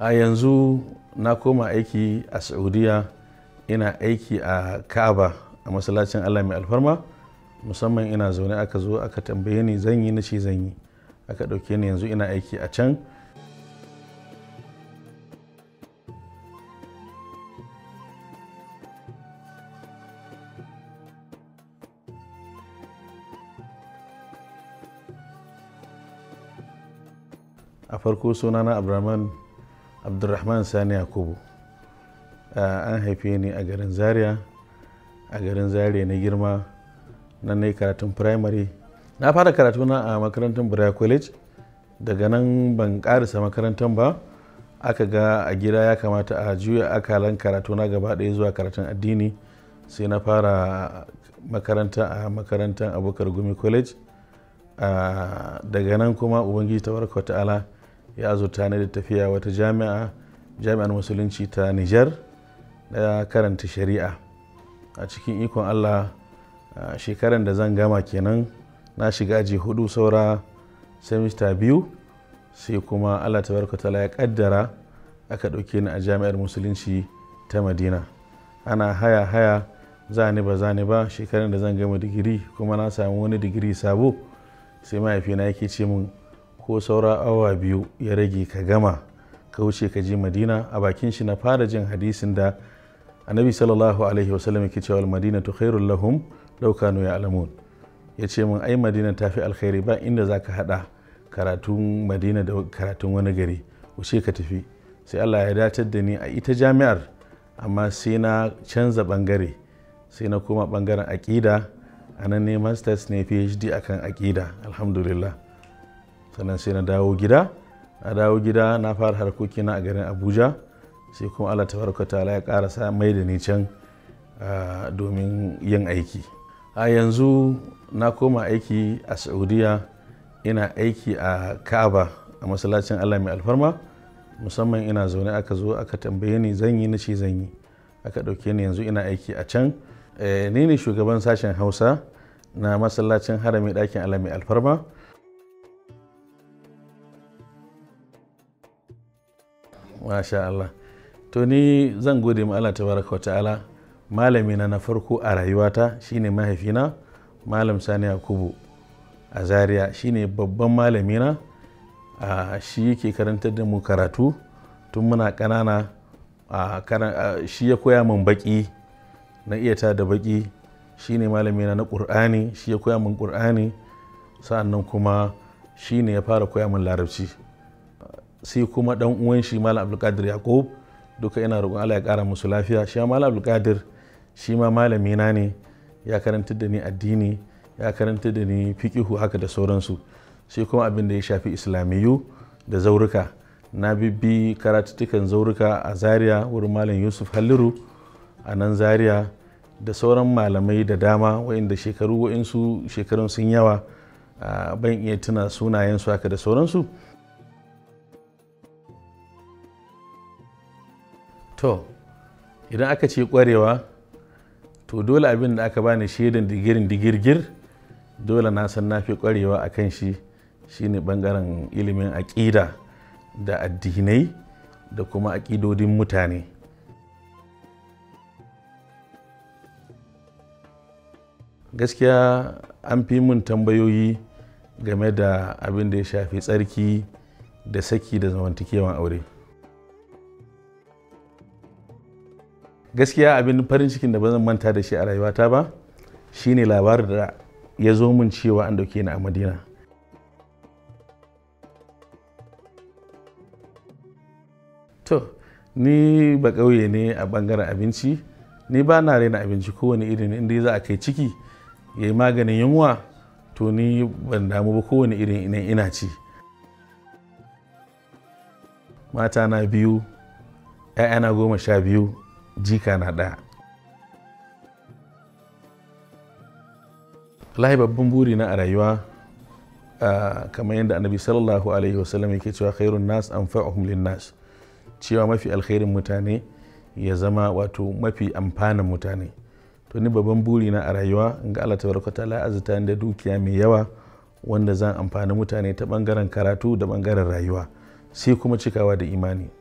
a yanzu na koma aiki a saudiya ina aiki a kaaba a masallacin allah mai alfarma musamman ina zaune aka zo aka tambaye ni zan yi na ce zan yi aka ɗauke ni yanzu ina aiki a can a farko sunana abraman abdulrahman sani yakubu an haife ni a garin zaria a garin zaria na girma nan na yi karatun primary na fara karatuna a makarantar Bura college daga nan ban karisa makarantar ba aka ga a gida ya kamata a juya akalan karatuna gaba ɗaya zuwa karatun addini sai na fara makaranta a makarantar abokar gumi college daga nan kuma ubangiji ta ta ta'ala ya zo ne da tafiya wata jami'a jami'ar musulunci ta nijar da karanta shari'a a cikin ikon allah shekaran da zan gama kenan na shiga aji hudu saura semista biyu sai kuma allah ta ta'ala ya kaddara aka ɗauke ni a jami'ar musulunci ta madina ana haya haya zani ba zani ba shekaran da zan gama digiri kuma na samu wani digiri sabo sai mahaifina yake ce mun ko saura awa biyu ya rage ka gama ka wuce ka je madina a bakin shi na fara jin hadisin da annabi sallallahu alaihi wasallam ke cewa madina tu khairul lahum law kanu ya'lamun ya ce min ai madina ta fi alkhairi ba inda zaka ka haɗa karatun madina da karatun wani gari wuce ka tafi sai allah ya datar da ni a ita jami'ar amma sai na canza bangare sai na koma bangaren aƙida a nan ne masters ne phd akan aƙida alhamdulillah sannan sai na dawo gida a dawo gida na fara harkoki na a garin abuja sai kuma allah farko ta ya sa mai da ni can domin yin aiki a yanzu na koma aiki a saudiya ina aiki a kaaba a masallacin allah mai alfarma musamman ina zaune aka zo aka tambaye ni zan yi na ce zan yi aka ɗauke ni yanzu ina aiki a can eh, ni ne shugaban sashen hausa na masallacin harami ɗakin allah mai alfarma masha Allah to ni zan gode ma Allah tabaraka ta'ala malami na na farko a rayuwata shine mahaifina malam Sani Yakubu a Zaria shine babban malami na shi yake karantar da mu karatu tun muna ƙanana shi ya koya min baki na iya ta da baki shine malami na na ƙur'ani shi ya koya min qur'ani sannan kuma shine ya fara koya min larabci sai kuma dan uwan shi malam abdulkadir yakub duka ina roƙon allah ya ƙara musu lafiya shi malam abdulkadir shi ma malami ne ya karanta da ni addini ya karanta da ni fiqihu haka da sauransu sai kuma abin da ya shafi islamiyu da zauruka na bibbi karatuttukan zauruka a zaria wurin malam yusuf halliru a nan zaria da sauran malamai da dama wa'inda shekaru wa'insu shekarun sun yawa ah, ban iya tuna sunayensu haka da sauransu to idan aka ce kwarewa to dole abin da aka bani shaidan digirin digirgir dole na san na fi kwarewa a kan shi shine ɓangaren ilimin aƙida da addinai da kuma aƙidodin mutane gaskiya an fi mun tambayoyi game da abin da ya shafi tsarki da saki da zamantakewan aure. gaskiya abin farin cikin da ba zan manta da shi a rayuwata ba shine labarin da ya zo min cewa an dauke ni a madina to ni ba ƙauye ne a ɓangaren abinci ni ba na raina abinci kowane irin inda za a kai ciki ya yi maganin yunwa to ni ban damu ba kowane irin ina ina ci mata na biyu 'ya'yana goma sha biyu jika na ɗaya lahi babban buri na a rayuwa ah, kamar yadda annabi sallallahu alaihi wasallam yake cewa khairun nas anfa'uhum lin nas cewa mafi alkhairin mutane ya zama wato mafi amfanin mutane to ni babban buri na a rayuwa in ga Allah tabaraka ta'ala azuta da dukiya mai yawa wanda zan amfana mutane ta bangaren karatu da bangaren rayuwa sai kuma cikawa da imani